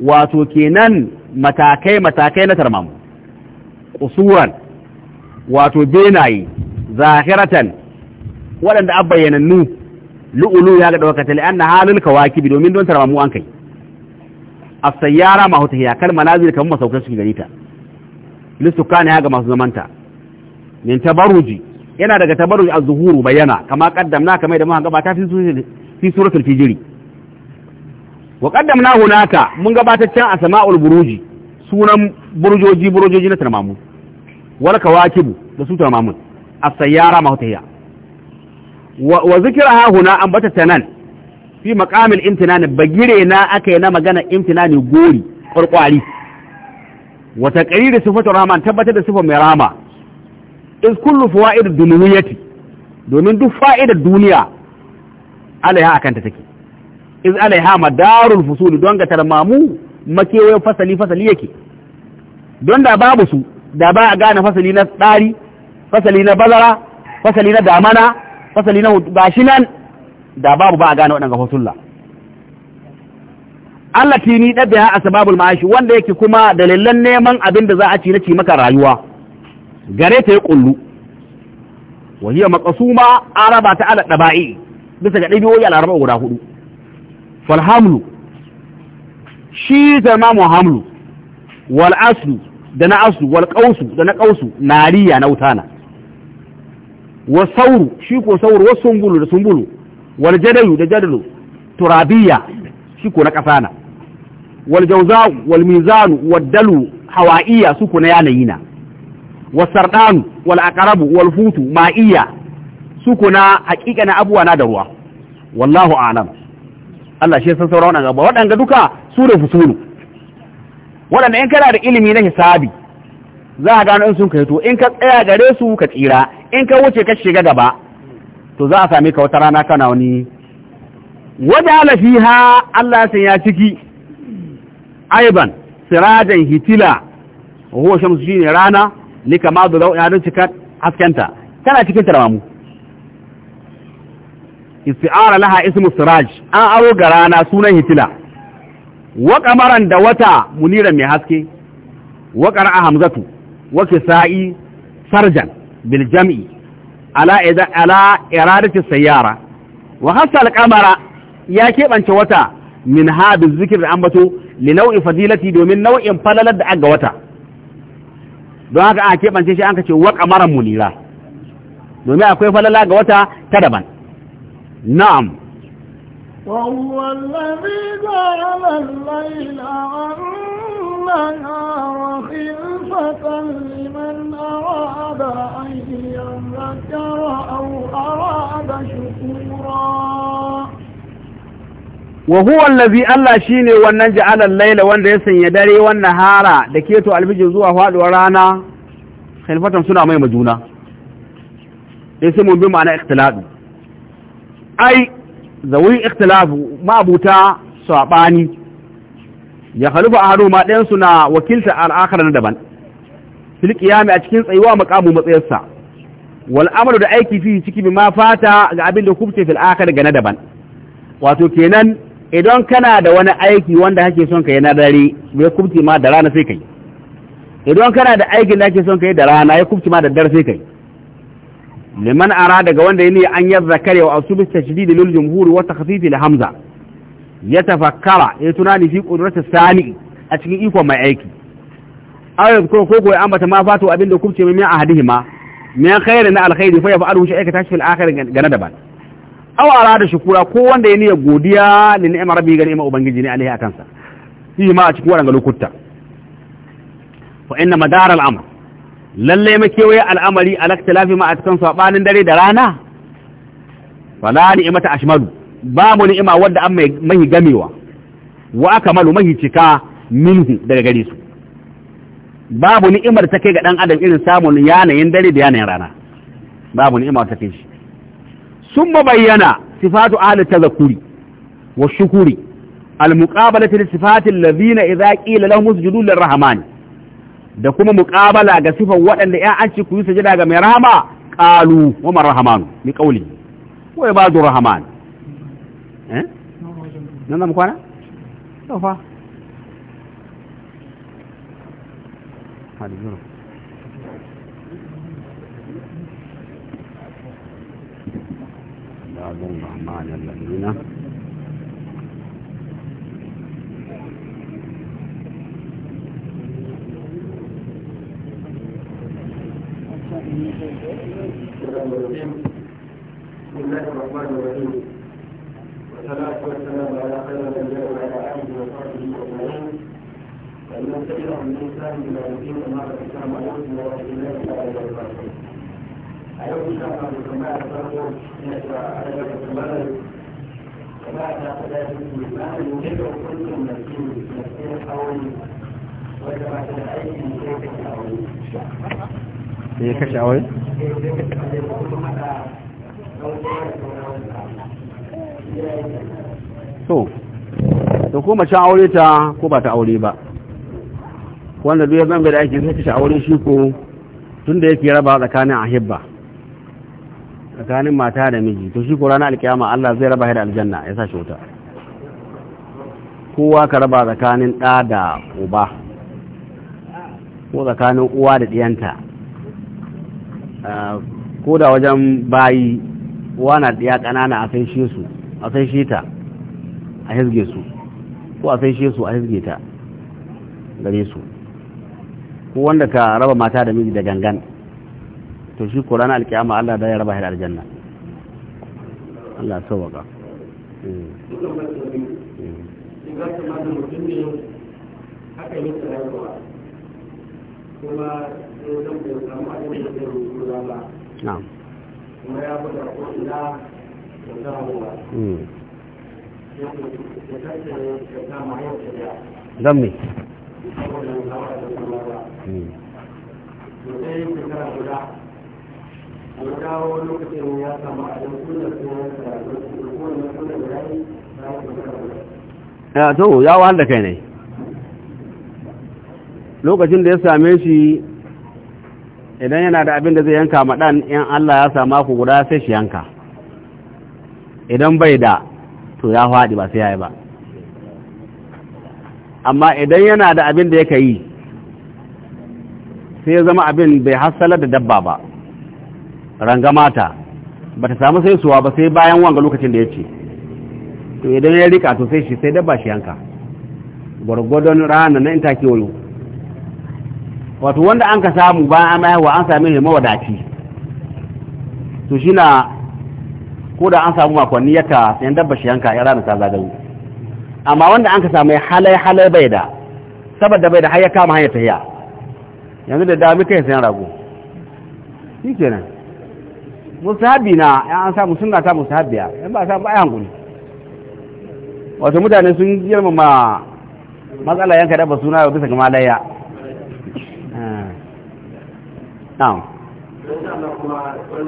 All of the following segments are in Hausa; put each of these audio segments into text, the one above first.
wato kenan matakai matakai na tarmamu ƙusuran, wato benaye zahiratan waɗanda an bayyanannu lu'ulu ya ga ɗaukata li'an na halin kawakibi domin don tarmamu an kai a sayyara ma hota hiyakar manazir masaukar su gari ta lissuka ne ga masu zamanta min tabaruji yana daga tabaruji a zuhuru bayyana kama kaddamna kamar da gaba gabata fi suratul fijiri wa na hunaka mun gabata can samaul buruji sunan burjoji-burjoji na tarmamu wal kawakibu da su tarmamu as-sayyara mahutiyya wa zikraha huna bata tanan fi maqamil imtinani bagire na akai na magana imtinani gori kwarkwari wa taqrir sifatu rahman tabbatar da sifar mai rama iz kullu fawaid dunyati domin duk fa'idar duniya alaiha akanta take iz alaiha madarul fusuli don ga tarmamu makewayen fasali fasali yake don da babu su da ba a gane fasali na tsari fasali na bazara fasali na damana fasali na gashi nan da babu ba a gane waɗanda fasulla Allah tini ɗabbe ha asbabul ma'ashi wanda yake kuma dalilan neman abin da za a ci na ci maka rayuwa gare ta ya kullu wa hiya maqsuma araba ta ala ɗaba'i, bisa ga dabi'o'i al-arba guda hudu falhamlu shi zama muhamlu wal aslu da na aslu wal qausu da na qausu nariya na wutana wa sauru shi ko sauru sumbulu da sumbulu wal jadalu da jadalu turabiya shi ko na kasana wal jawza'u wal mizanu wad dalu hawaiya su ko na yanayina wa sardanu wal aqrabu wal futu ma'iya su ko na hakika na abuwa na da ruwa wallahu a'lam Allah shi san sauran waɗanda ba waɗanda duka su da fusulu waɗanda in kana da ilimi na hisabi za a gano in sun kai to in ka tsaya gare su ka tsira in ka wuce ka shiga gaba to za a sami ka wata rana kana wani wajala fiha Allah sai ya ciki aiban sirajan hitila wa huwa shamsu shine rana ni kama da ya don cika haskenta tana cikin tarmamu isti'ara laha ismu siraj an aro ga rana sunan hitila wa kamaran da wata munira mai haske wa qara'a hamzatu wa kisa'i sarjan bil jam'i ala idza ala iradati sayyara wa qamara ya kebance wata min hadu zikr da ambato li nau'i fadilati domin nau'in falalar da aga wata don haka an kebance shi an akwai falala ga wata ta daban نعم وهو الذي جعل الليل عن نهار خلفة لمن أراد أن يذكر أو أراد شكورا وهو الذي الله شيني وانا جعل الليل وانا يسن يداري وانا هارا دكيتو المجل زوا فاد ورانا خلفتهم سنة ما مجونة يسمون بمعنى اختلاف ai zawin ikhtilafu ma'abuta saɓani ya halufa a ma ɗayansu na wakilta al'akar na daban filƙiyami a cikin tsayuwa makamu matsayarsa wal'amalu da aiki fi ciki bi ma fata ga abin da kubce fil akhir ga na daban wato kenan idan kana da wani aiki wanda kake son kai na dare bai kubce ma da rana sai kai idan kana da aikin da kake son kai da rana ya kubce ma da dare sai kai liman ara daga wanda yana an yi zakari wa asubi tashdid lil jumhur wa takhfif li hamza ya tafakkara ya tunani fi qudratis sani a cikin iko mai aiki ayat ko ko an bata ma fatu abin da kubce mai ahadihima min khairin alkhairi fa yaf'alu shi aikata shi fil akhir gana daban aw arada shukura ko wanda ya niyya godiya li ni'mar rabbi ga ni'mar ubangiji ne alaihi akansa shi ma a cikin wannan lokuta fa inna madar al-amr lalle makewaye al'amari a laktilafi ma a cikin saɓanin dare da rana fala ni'imata ashmalu babu ni'ima wadda an mahi gamewa wa aka malu mahi cika minhu daga gare su babu ni'imar ta kai ga ɗan adam irin samun yanayin dare da yanayin rana babu ni'ima ta kai shi sun ma bayyana sifatu ahli tazakuri wa shukuri al-muqabalati li sifati alladhina idha qila lahum usjudu lirrahmani da kuma muƙabala ga sifar waɗanda ya an ci ku yi sujada ga mai rahama ƙalu wa man rahmanu bi qawli wa ibadu rahman eh nan da mu kwana to fa hadi juro ibadu rahman alladina بسم الله الرحمن الرحيم والصلاة والسلام على خير الأنبياء وعلى آله وصحبه أجمعين فمن تبعهم بإحسان إلى يوم الدين أما بعد السلام عليكم ورحمة الله تعالى وبركاته أيوه إن شاء الله بسماع الصلاة نشرع على جبهة المغرب وبعد أداء بسم الله يجب كل مسكين مسكين حولي وجب على العيش من شيخ حولي da ya kashe a so da ko mace aure ta ko ba ta aure ba wanda duk ya zanga da ake zai kashe aure shi ko tun da yake raba tsakanin ahibba tsakanin mata da miji to shi ko ranar alkiyama Allah zai raba da aljanna ya sa shi kowa ka raba tsakanin ɗa da uba ko tsakanin uwa da ɗiyanta ko da wajen bayi wana ya kanana a san shi su a san shi ta a hizge su ko a san shi su a hizge ta gare su ko wanda ka raba mata da miji da gangan to shi ko ranar alkiyama Allah da ya raba shi da aljanna Allah sauwaka Thank you. kuma zan bai samu da zai ba kuma ya bude ko ina da hmm. ya kace ya kama yau da ya zan hmm. to shekara guda an lokacin ya samu ya ko na da ya yi ya to ya da kai ne lokacin da ya same shi idan yana da abin da zai yanka maɗan in Allah ya sama ku guda sai shi yanka idan bai da to ya faɗi ba sai ya yi ba amma idan yana da abin da yaka yi sai ya zama abin bai hassala da dabba ba rangamata ba ta samu sai suwa ba sai bayan wanga lokacin da ya ce to idan ya rika to sai shi sai dabba shi yanka gwargwadon rana na intake wayo wato wanda an ka samu ba an wa an sami ne mawadaci to shi na ko da an samu makonni yaka sayan dabba shi yanka ya rana ta zagaru. amma wanda an ka samu halai halai bai da saboda bai da har ya kama hanyar tahiya yanzu da dami kai sayan rago shi kenan musahabi na ya an samu suna ta musahabiya in ba samu ai hankuli wato mutane sun girmama matsala yanka dabba suna bisa ga malaya na'am kuma akwai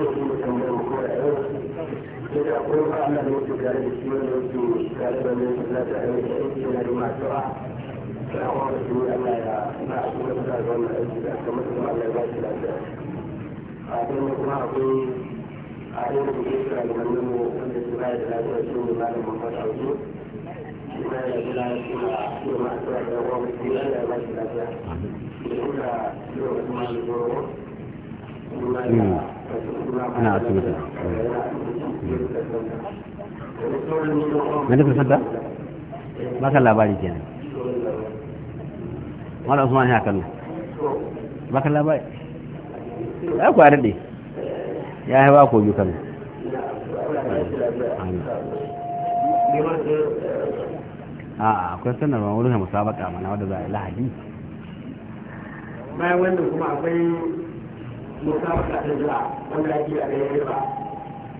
a yau da ke kira da wannan mu wanda su da lafiyar su ne da da da da da da ana asibiti na nufin sadda ba ka labari kenan wanda usman ya kallo ba labari ya daɗe ya haifa ko a akwai wurin musabaka mana wadda za a yi lahadi bayan kuma akwai مسابقة الزراعة ولا يجي عليه ربا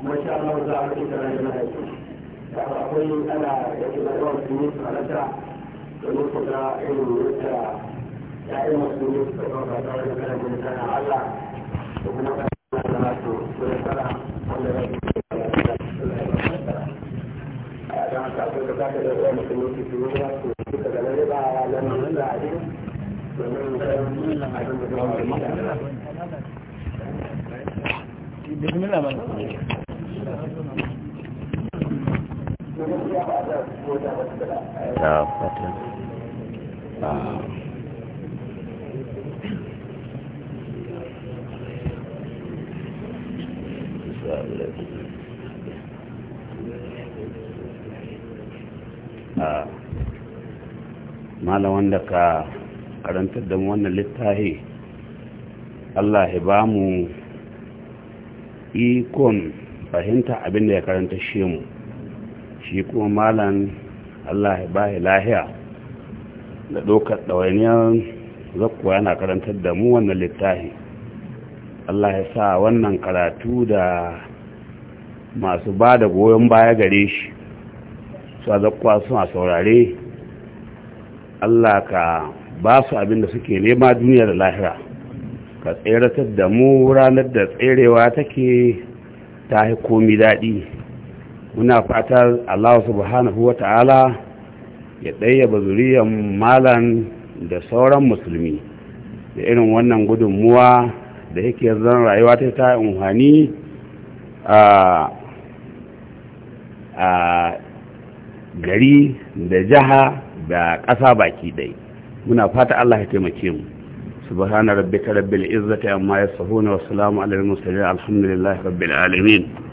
ما شاء الله زراعة كثيرة لما يجي أقول أنا يجب أن أقول في مصر على الزراعة ومصر علم إيه مصر علم إيه مصر فقط أقول لك أن الإنسان على وهناك أنا Thank you. magana ah. Ah. wanda malaman ka karantar da wannan littafi Allah ya ba mu ikon fahimta abin da ya karanta shi mu shi kuma malan allah ya bai lahiya da ɗaukar ɗawainiyar zakkuwa yana karantar da mu wannan littafi allah ya sa wannan karatu da masu ba da goyon baya gare shi su a zakkuwa suna saurare allah ka ba su abin da suke nema duniya da lahira ka tseratar da mu ranar da tserewa take ta yi komi daɗi muna fatar Allah subhanahu wa ta'ala ya ɗayyaba zuriyar malan da sauran musulmi da irin wannan gudunmuwa da yake zan rayuwa ta ta unhani a gari da jiha da ƙasa baki ɗai muna fata Allah ya taimake mu سبحان ربك رب العزة عما يصفون والسلام على المرسلين الحمد لله رب العالمين